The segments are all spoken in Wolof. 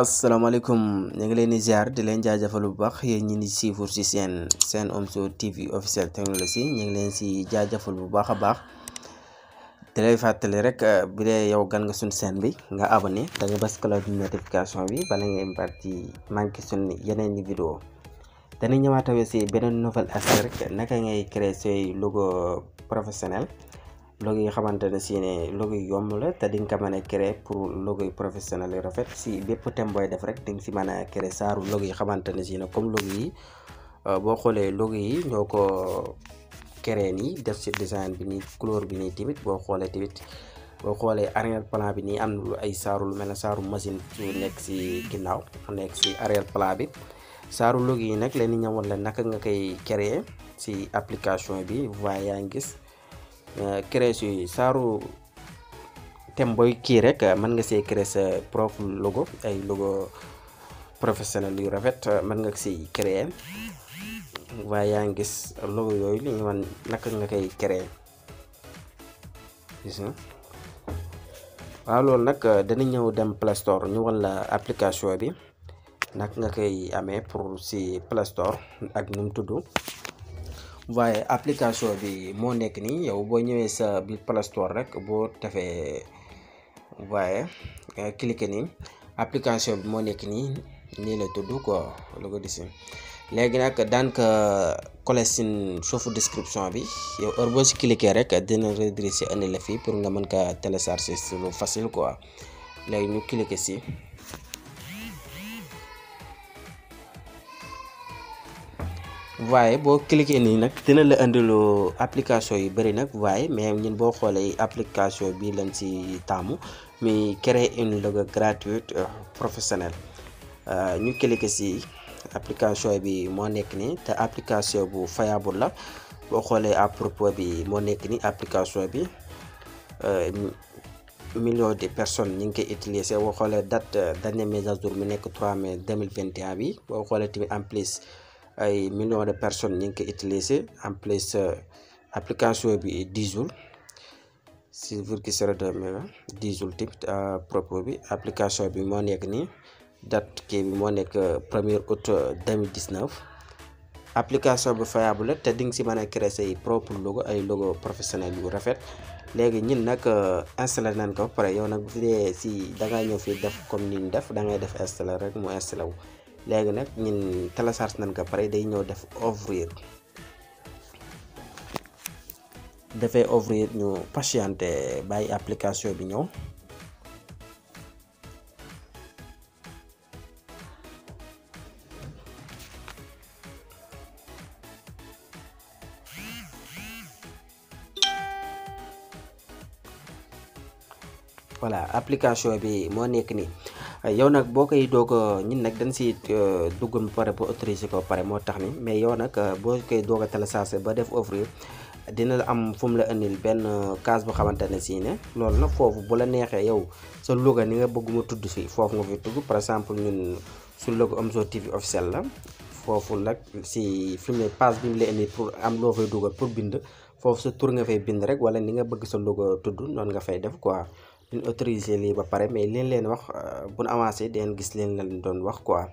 asalaamaaleykum ñu ngi leen di ziar di leen jaajëfal bu baax yéen ñi ni siifur si seen seen Omzo TV officiel technologie ñu ngi leen si jaajëfal bu baax a baax di lay fàttali rek bi dee yow gan nga suñ seen bi nga abonné da nga bës cloche notification bi bala ngay parti manqué suñ yeneen i vidéo dana ñëwaat si beneen nouvelle aspect rek naka ngay créer say logo professionnel logo yi xamante ne si ne logo yu yomb la te di nga ko mën a créer pour logo yu professionnel yu rafet si bépp tembooy def rek di nga si mën a créer saaru logo yi xamante ne si ne comme yi euh, boo xoolee logo yi ñoo ko créer nii def si design bi nii couleur bi nii tamit boo xoolee tamit boo xoolee arrière plan bi nii am na ay saaru lu mel ne saaru machine su nekk si ginnaaw mu nekk si arrière plan bi saaru logo yi nag leen ñëwoon la naka nga koy créer si application bi waaye yaa ngi gis. Euh, crées yooyu saaru thème booy kii rek euh, mën nga see créer sa propre logo ay logo professionnel yu rafet euh, man nga siy créer waaye yaa ngi gis logo yooyu li ñu wan naka nga koy créer gis nga waaw loolu nag dana ñëw dem Play Store ñu wan application bi naka nga koy amee pour si Play ak nu mu tudd waaye application bi moo nekk nii yow boo ñëwee sa bi Play Store rek boo tefee waaye eh, cliquer nii application bi moo nekk nii nii la tudd quoi lu ko gis léegi nag daanaka collé si suufu description bi yow heure boo si cliquer rek dina rediriger indi la fii pour nga mën ka télécharger si lu facile quoi léegi ñu cliquer si. waaye boo cliquer nii nag dina la indiloo application yu bëri nag waaye mais ñun boo xoolee application bii lañ si taamu muy créer une logo gratuite euh, professionnelle euh, ñu cliquer si application bi moo nekk nii te application bu fayable la boo xoolee à propos bi moo nekk nii application bi euh, millions de personnes ñu ngi koy utiliser woo xoolee date dernière mise à jour mu nekk mais 3 mai 2021 bi boo xoolee tamit en plus. ay millions de personnes ñu ngi koy utiliser en plus euh, application bi diisul si virgule zéro deux méga diisul tamit propos bi application bi moo nekk nii date kii bi moo nekk euh, premier août 2019 euh, application bi fiable te di nga si mën a créer say propre logo ay logo professionnel yu rafet léegi ñun nag installé nañ ko ba pare yow nag bu fi dee si da ñëw fii def comme nii ñu def da ngay def installé rek mu installé wu. léegi nag ñun télécharge nañ ko pare day ñëw def ouvrir dafay ouvrir ñu patiente bàyyi application bi ñëw voilà application bi moo nekk nii yow nag boo koy doog a ñun nag dañ si euh, duggoon ba pare ba autorisé ko pare moo tax ni mais yow nag euh, boo koy doog a téléchargé ba def offrir dina la am fu la indil benn euh, case bu xamante ne si ne loolu nag foofu bu la neexee yow sa logo ni bëgguma tudd si foofu nga fi par exemple ñun su logo Omzo TV officiel la foofu nag si fi mu ne page bi mu indi pour am loo fay dugal pour bind foofu sa tur nga fay bind rek wala ni nga bëgg sa logo tudd noonu nga fay def quoi duñ autorisé lii ba pare mais leen leen wax euh, bu nu avancé deen gis leen leen doon wax quoi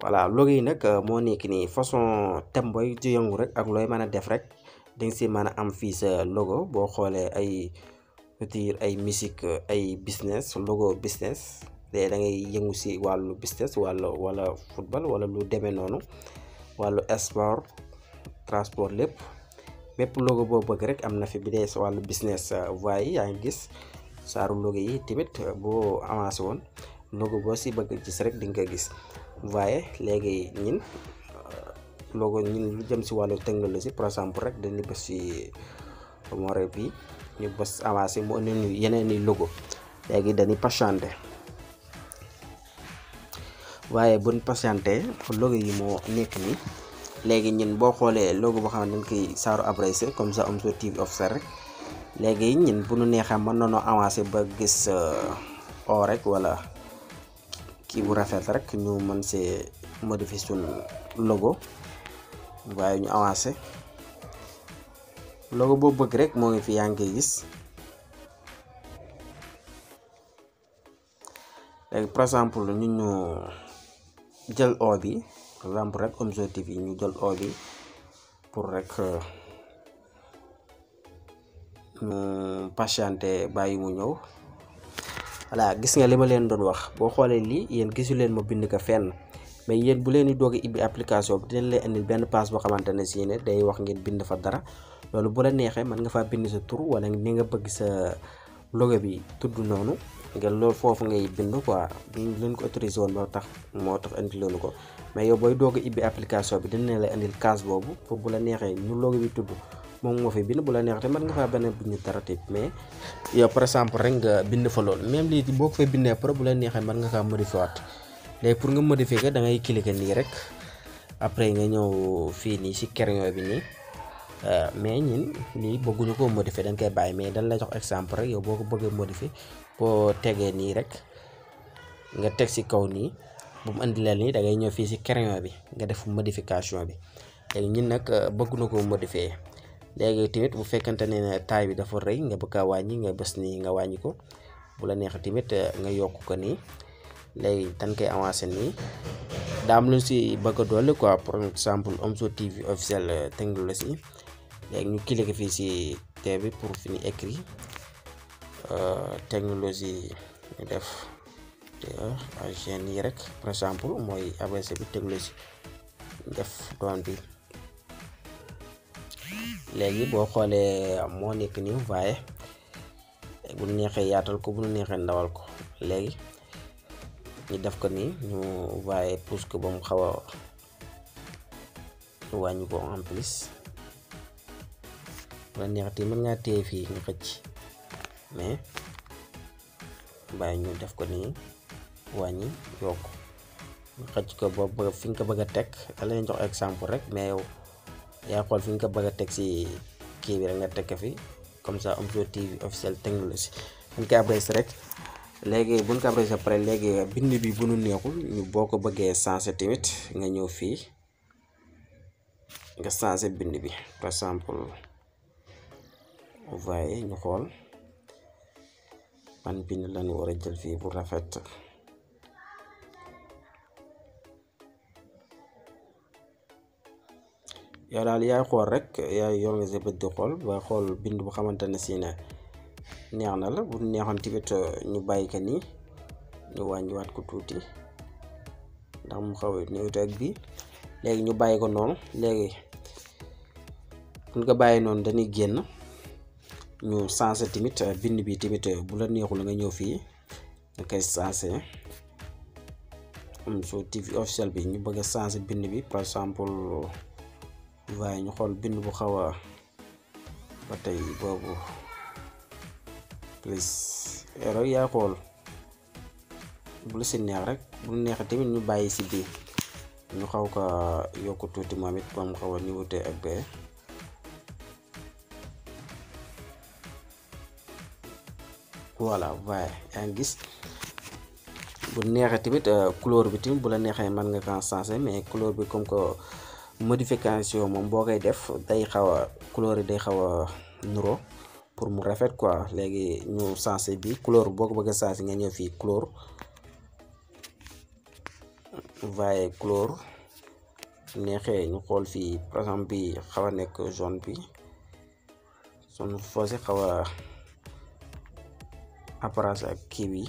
voilà logo yi nag euh, moo nekk nii façon thème booy ju yëngu rek ak looy mën a def rek danga si mën a am fii sa logo boo xoolee ay couture ay musique ay business logo business te da ngay yëngu si wàllu business wàllu wala football wala lu demee noonu wàllu sport transport lépp bépp logo boo bëgg rek am na fi bi dee wàllu business euh, voie yi yaa ngi gis saaru logo yi tamit boo avancé woon logo boo si bëgg gis rek di nga ko gis waaye léegi ñin logo euh, ñin lu jëm si wàllu technologie par exemple rek dañu bës si more bi ñu bës avancé mu indi ñu yeneen i logo léegi dañuy patienté waaye buñ patienté logo yi moo nekk nii léegi ñun boo xoolee logo boo xam ne dañ koy saaru abrasé comme ça Omzo TV Officiel rek léegi ñun bu nu neexee mën nañoo avancer ba gis euh, o rek wala kii bu rafet rek ñu mën see modifier suñu logo waaye ñu avancé logo boo bëgg rek moo ngi fi yaa ngi gis léegi par exemple ñu ñu jël o bi par exemple rek Omzo yi ñu jël o bi pour rek. Euh, ñu euh, patienté bàyyi mu ñëw voilà gis nga li ma leen doon wax boo xoolee lii yéen gisu leen ma bind ko fenn mais yéen bu leen di doog a application bi dinañ leen benn pass boo xamante ne si ne day wax ngeen bind fa dara loolu bu la neexee mën nga faa bind sa wala ni nga bëgg sa logo bi tudd noonu ngeen loolu foofu ngay bind quoi leen ko autorisé woon moo tax moo tax indi loolu ko mais yow booy doog a ibbi application bi dinañ la indil kaas boobu pour bu la neexee ñu logo bi tudd moom moo fay bind bu la neexatee mën nga faa benn bind dara tip mais yow par exemple rek nga bind fa loolu même lii boo ko fay bindee après bu la neexee mën nga kaa modifié waat léegi pour nga modifier ko da ngay cliquer nii rek après nga ñëw fii nii si crayon bi nii euh, mais ñun lii bëgguñu koo modifier dañ koy bàyyi mais dañ lay jox exemple rek yow boo ko bëggee modifier boo tegee nii rek nga teg si kaw nii bu mu indileel nii da ngay ñëw fii si crayon bi nga def modification bi léegi ñun nag euh, bëgg na koo modifier léegi tamit bu fekkente ne taille bi dafa rëy nga bëgg a wàññi nga bës nii nga wàññi ko bu la neexee tamit eh, nga yokk ko nii léegi dañ koy avancé nii daam lu si bëgg a dolli quoi par exemple Omzo TV officiel eh, technologie léegi ñu cliqué fii si tee bi pour fi ñu écrit eh, technologie ñu def agn yi rek par exemple mooy ABC bi technologie def doon bi léegi boo xoolee moo nekk nii waaye bu neexee yaatal ko bu neexee ndawal ko léegi ñu def ko nii ñu waaye pousse ko ba mu xaw a wàññi ko plus bu la neexati mën ngaa téye fii nga xëcc mais bàyyi ñu def ko nii wàññi yokk nga xëcc ko ba fi nga ko bëgg a teg da leen jox exemple rek mais yow. yaa xool fi nga ko bëgg a teg ci kii bi rek nga teg ko fi comme ça Omzo TV officiel technologie buñ ko abrégé rek léegi buñ ko abrégé pare léegi bind bi bu nu neexul ñu boo ko bëggee sensé tamit nga ñëw fii nga sensé bind bi par exemple voyez ñu xool ban bind lañu war a jël fii bu rafet yow daal yaay xool rek yaay yor nga sa bët di xool ba xool bind bu xamante ne si ne neex na la bu neexoon tamit euh, ñu bàyyi ko ñu wàññiwaat ko tuuti ndax mu xaw a bi léegi ñu bàyyi ko noonu léegi buñ nga bàyyi noonu dañuy génn ñu sensé tamit euh, bind bi tamit euh, bu la neexul nga ñëw fii nga koy sensé am soo TV officiel bi ñu bëgg a sensé bind bi par exemple. waaye ñu xool bind bu xaw a ba tey boobu plus erreur yaa xool bu si neex rek bu neex tamit ñu bàyyi si bii ñu xaw ko yokk tuuti moom it ba mu xaw a ni wutee ak bee voilà waaye yaa ngi gis bu neex tamit euh, couleur bi tamit bu la neexee man nga ko changer mais couleur bi comme que modification moom boo koy def day xaw a couleur yi day xaw a nuro pour mu rafet quoi léegi ñu sensé bi couleur boo ko bëgg a sensé nga ñëw fii couleur vaille couleur neexee ñu xool fii par exemple bi xaw a nekk zone bi suñu foosé xaw a apparence ak kii bi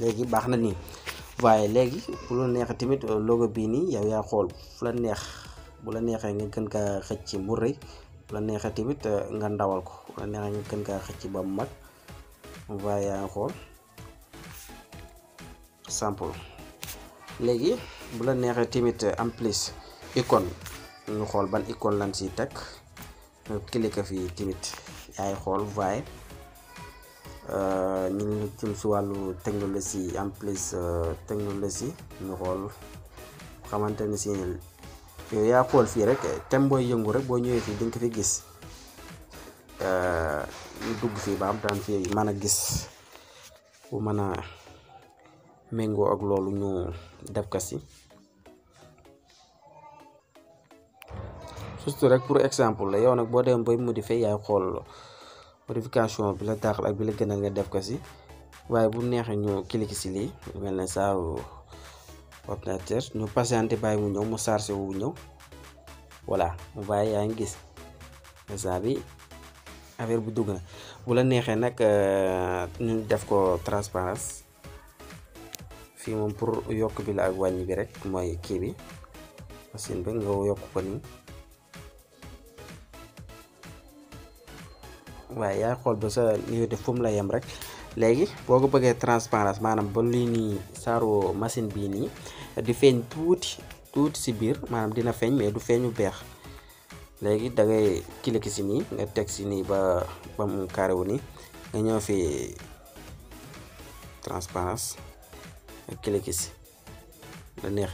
léegi baax na nii waaye léegi bu la neex tamit logo bii nii yow yaa xool fu la neex bu la neexee nga gën kaa xëcc mu rëy bu la neexee tamit eh, nga ndawal ko bu la neexee nga gën kaa xëcc ba mu mag waaye yaa ngi xool sample léegi bu la neexee tamit eh, en plus icône ñu xool ban icône lan si teg kilika fii tamit yaay xool waaye eh, ñu ngi jëm si wàllu technologie en plus technologie ñu xool xamante ni si yow yaa xool fii rek thème booy yëngu rek boo ñëwee fii di nga ko fi gis ñu dugg fii ba am daan mën a gis bu mën a méngoo ak loolu ñu def ko si surtout rek pour exemple la yow nag boo dem bay modifier yaay xool modification bi la daaxal ak bi la gënal nga def ko si waaye bu neexee ñu cliquer lii mel ne saa ordinateur ñu patiente bàyyi mu ñëw mu chargé wu ñëw voilà mu bàyyi yaa ngi gis instant bi affaire bu dugg na bu la neexee nag euh, ñu def ko transparence fii moom pour yokk bi la ak wàññi bi rek mooy kii bi machine bi nga yokk ko nii waaye yaay xool ba sa niveau de fu la yem rek léegi boo ko bëggee transparence maanaam ba lii nii saaro machine bii nii di feeñ tuuti tuuti si biir maanaam dina feeñ mais du feeñu beex léegi da ngay nii nga teg si nii ba ba mu carré wu nii nga ñëw fi transparence nga cliquer si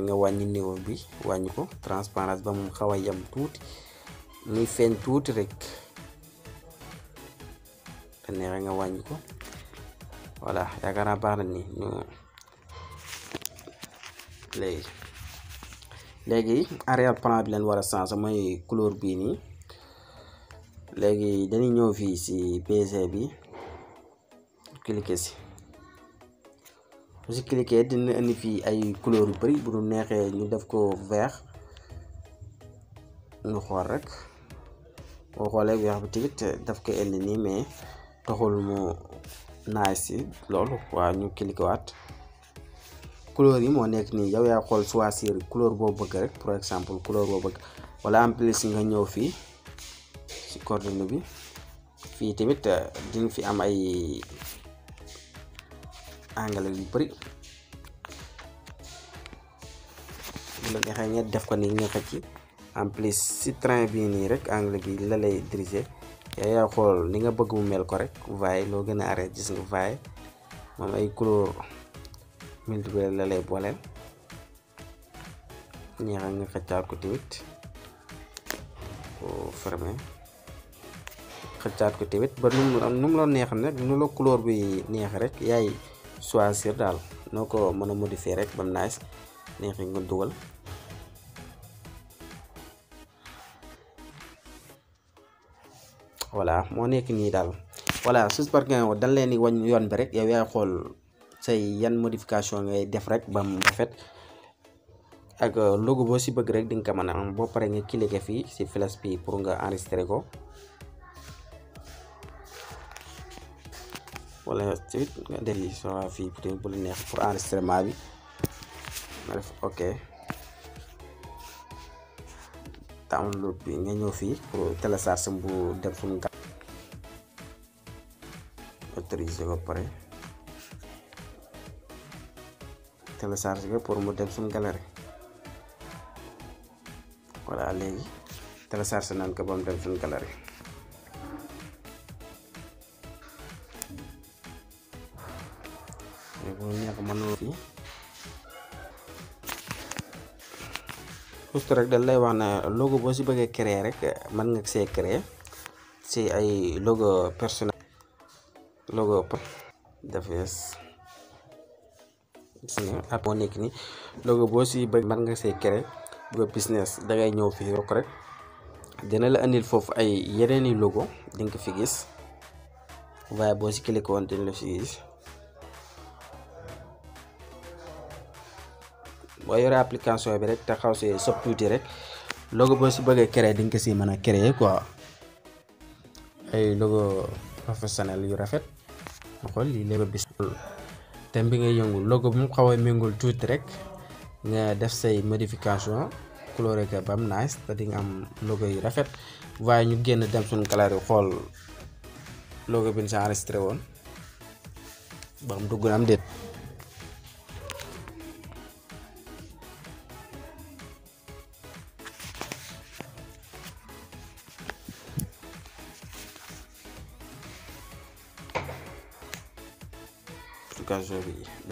nga wàññi niveau bi wàññi ko transparence ba mu xaw a yem tuuti muy feeñ tuuti rek la nga wàññi voilà yaakaar naa baax na ni ñu léegi léegi arrière plan bi leen war a changer mooy couleur bii nii léegi dañuy ñëw fii si bg bi cliquer si su cliquer dina indi fii ay couleur bari bëri bu ñu neexee ñu def ko vert ñu xool rek boo xoolee weex bi tamit daf ko indi nii mais taxul mu nice si loolu waaw ñu cliquer waat couleur yi moo nekk nii yow yaa xool choisir couleur boo bëgg rek par exemple couleur boo bëgg wala en plus nga ñëw fii ci coordonnées bi fii tamit euh, dinga fi am ay anglais yu bëri bu la neexee ngeen def ko nii nga ci en plus si train bii nii rek anglais bi la lay diriger. yaa eh, yaa xool ni nga bëgg mu mel ko rek waaye loo gën a arrêté gis nga waaye moom ay couleur multiple la lay booleel ñeexa nga xëccaat ko tamit oh, xëccaat ko tamit ba nu mu nu mu la neex nag nu la couleur bi neex rek yaay choisir daal noo ko mën a modifier rek ba mu neex neexi nga dugal voilà moo nekk nii daal voilà sus par o dal leen di wañ yoon bi rek yow yaay xool say yan modification ngay def rek ba mu ak euh, logo boo si bëgg rek dinga nga ko mën a am boo pare nga cliquer fii si flash bi pour nga enregistrer ko wala tamit nga def yi soo fii bu la neex pour enregistrement bi nga def ok am download bi nga ñëw fii pour télécharge bu dem fu mu gàtt autorisé mu dem suñu galerie voilà léegi télécharge naan ko ba mu dem suñu galerie léegi bu neex mën na surtout rek dañ lay wax na logo boo si bëggee créer rek man nga see créer si ay logo personnel logo defes app moo nekk ni logo boo si bëgg mën nga see créer logo business dangay ñëw fii rek rek dina la indil foofu ay yeneeni logo dinga ko fi gis waaye boo si cliqué woon dina la fi gis boo yore application bi rek te xaw see sob tuuti rek logo boo si bëggee créer di nga ko si mën a créer quoi ay logo professionnel yu rafet nga xool lii lépp bis thème bi ngay yëngu logo bu mu xaw a méngul tuuti rek nga def say modification coloré ko ba mu nice te di nga am logo yu rafet waaye ñu génn dem suñu galerie xool logo bi ñu sa enregistré woon ba mu dugg na am déet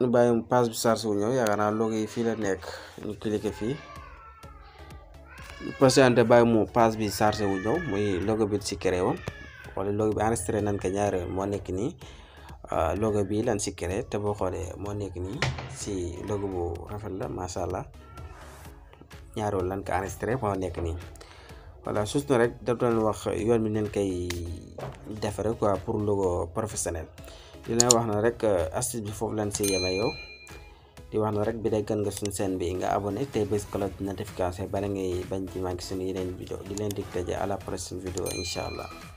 ñu bàyyi mu page bi chargé wu ñëw yaakaar naa logo yi fii la nekk ñu cliqué fii patiente bàyyi mu page bi chargé wu ñëw mooy logo bi si créé woon wala logo bi enregistré nañ ko ñaari moo nekk nii euh, logo bi lan si créé te boo xoolee moo nekk nii si logo bu rafet la macha allah ñaari yoon lan ko enregistré moo nekk nii voilà suuf na rek daf doon wax yoon bi neen koy defaree quoi pour logo professionnel. di leen wax na rek euh, astuce bi foofu leen si yeme yow di wax na rek bi day gën nga suñu seen bi nga abonné te bés cloche notification bala ngay bañ ci manqué suñu yeneen vidéo di leen dig daje à la prochaine vidéo incha allah